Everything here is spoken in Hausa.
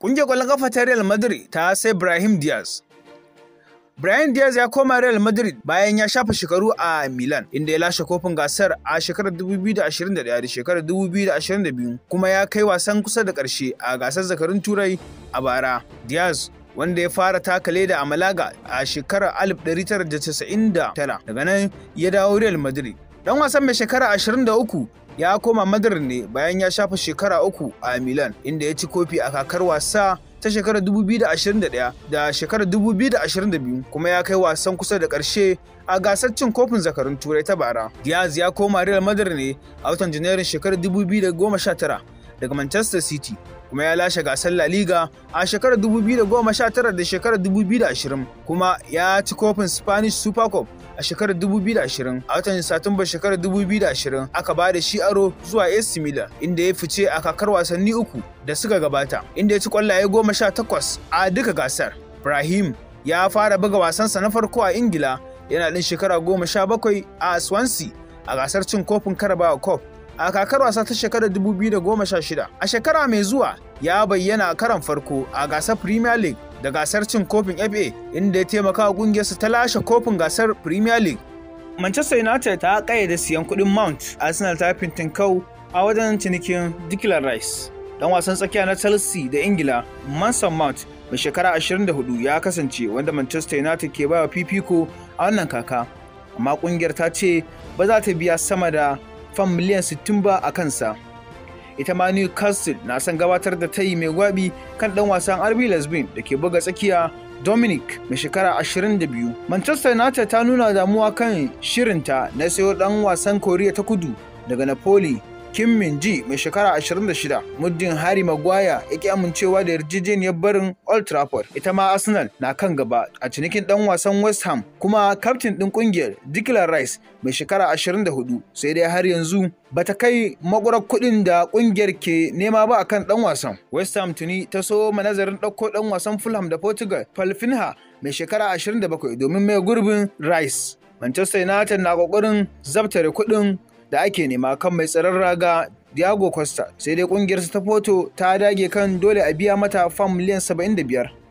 Ƙungiyar ƙwallon ƙafa ta Real Madrid ta sai Brahim Diaz. Brian Diaz ya koma Real Madrid bayan ya shafa shekaru a Milan inda ya lashe kofin gasar a shekarar 2021 da shekarar 2022 kuma ya kai wasan kusa da ƙarshe a gasar zakarun Turai a bara. Diaz wanda ya fara taka leda a Malaga a shekarar 1999 daga nan ya dawo Real Madrid Dan wasan mai shekara 23 ya koma Madrid ne bayan ya shafa shekara uku a Milan inda ya ci kofi a kakar wasa ta shekarar 2021 da shekarar 2022 kuma ya kai wasan kusa da ƙarshe a gasar cin kofin zakarun turai ta bara. Diaz ya koma Real Madrid ne a watan Janairun shekarar 2019 daga Manchester City kuma ya lashe gasar La Liga a shekarar 2019 da shekarar 2020 kuma ya ci kofin Spanish Super Cup a shekarar 2020 a watan satumba shekarar 2020 aka ba da shi aro zuwa AC Milan inda ya fice a kakar wasanni uku da suka gabata inda ya ci kwallaye goma sha takwas a duka gasar. Ibrahim, ya fara buga wasansa na farko a Ingila yana ɗin shekara goma sha bakwai a Swansea a gasar cin kofin Carabao Cup a kakar wasa ta shekarar 2016. A shekara mai zuwa ya bayyana a karan farko a gasar Premier League da gasar cin kofin FA inda ya taimaka wa ƙungiyarsa ta lashe kofin gasar Premier League. Manchester United ta da siyan kuɗin Mount, Arsenal ta fintinkau a wajen cinikin Declan Rice. Dan wasan tsakiya na Chelsea da Ingila, Mason Mount, mai shekara 24 ya kasance wanda Manchester United ke bawa fifiko a wannan kaka. Amma ƙungiyar ta ce ba za ta biya sama da fam miliyan 60 ba a kansa. ita ma newcastle na son gabatar da tayi mai gwabi kan dan wasan rb lesbin da ke buga tsakiya dominic mai shekara 22 manchester united ta nuna damuwa kan shirinta na sayo dan wasan koriya ta kudu daga napoli Kim Min Ji mai shekara 26 muddin Harry Maguire ya ki amincewa da yarjejeniyar barin Old Trafford. Ita ma Arsenal na kan gaba a cinikin ɗan wasan West Ham kuma kaftin ɗin ƙungiyar Declan Rice mai shekara 24 sai dai har yanzu ba ta kai magurar kuɗin da ƙungiyar ke nema ba a kan ɗan wasan. West Ham tuni ta so manazarin ɗauko ɗan wasan Fulham da Portugal Palfinha mai shekara 27 domin mai gurbin Rice. Manchester United na kokarin zabtare kuɗin da ake nema kan mai tsaron raga Diago Costa sai dai ƙungiyarsa ta foto ta dage kan dole a biya mata fam miliyan 75.